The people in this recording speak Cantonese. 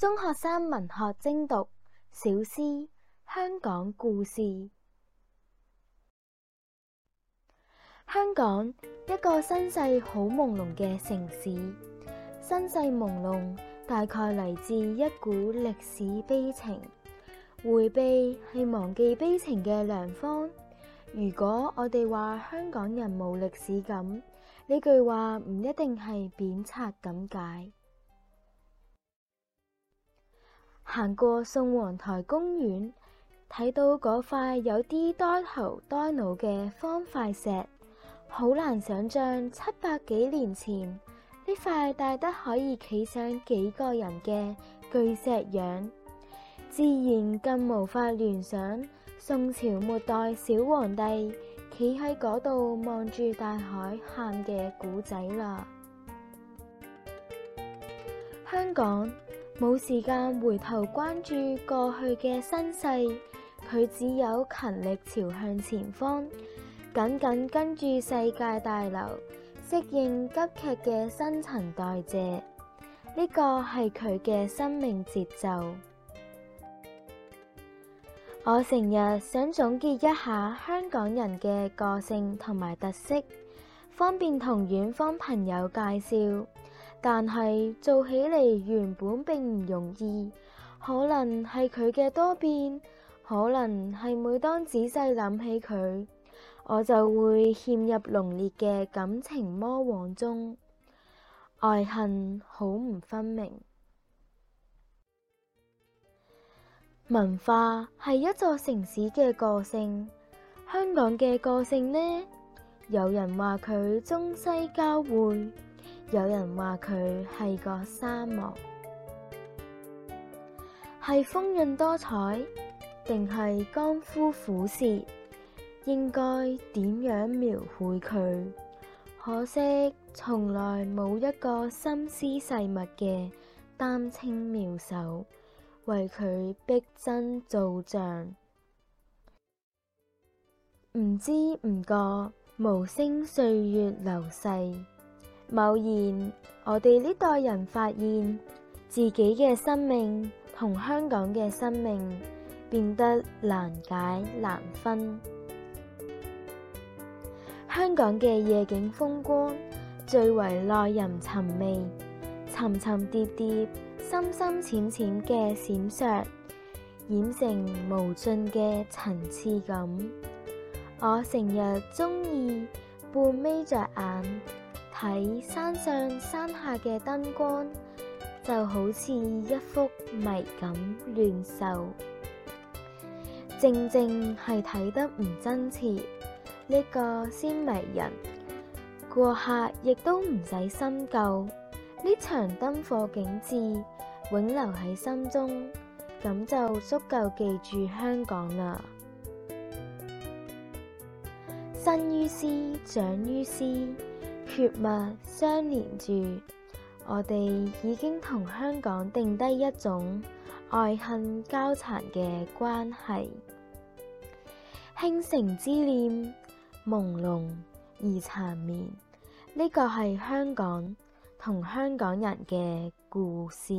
中學生文學精讀小思：香港故事。香港，一個身世好朦朧嘅城市，身世朦朧大概嚟自一股歷史悲情。回避係忘記悲情嘅良方。如果我哋話香港人冇歷史感，呢句話唔一定係貶斥咁解。行過宋王台公園，睇到嗰塊有啲呆頭呆腦嘅方塊石，好難想象七百幾年前呢塊大得可以企上幾個人嘅巨石樣，自然更無法聯想宋朝末代小皇帝企喺嗰度望住大海喊嘅古仔啦。香港。冇時間回頭關注過去嘅身世，佢只有勤力朝向前方，緊緊跟住世界大流，適應急劇嘅新陳代謝。呢個係佢嘅生命節奏。我成日想總結一下香港人嘅個性同埋特色，方便同遠方朋友介紹。但係做起嚟原本並唔容易，可能係佢嘅多變，可能係每當仔細諗起佢，我就會陷入濃烈嘅感情魔網中，愛恨好唔分明。 文化係一座城市嘅個性，香港嘅個性呢？有人話佢中西交匯。有人話佢係個沙漠，係豐潤多彩，定係乾枯苦澀？應該點樣描繪佢？可惜從來冇一個心思細密嘅丹青妙手為佢逼真造像。唔知唔覺，無聲歲月流逝。偶然，我哋呢代人發現自己嘅生命同香港嘅生命變得難解難分。香港嘅夜景風光最為耐人尋味，層層疊疊，疊深深淺淺嘅閃爍染成無盡嘅層次感。我成日中意半眯着眼。喺山上山下嘅燈光，就好似一幅迷咁亂秀，靜靜係睇得唔真切，呢、這個先迷人。過客亦都唔使深究，呢場燈火景致永留喺心中，咁就足夠記住香港啦。生於斯，長於斯。血脈相連住，我哋已經同香港定低一種愛恨交纏嘅關係。傾城之戀，朦朧而纏綿，呢個係香港同香港人嘅故事。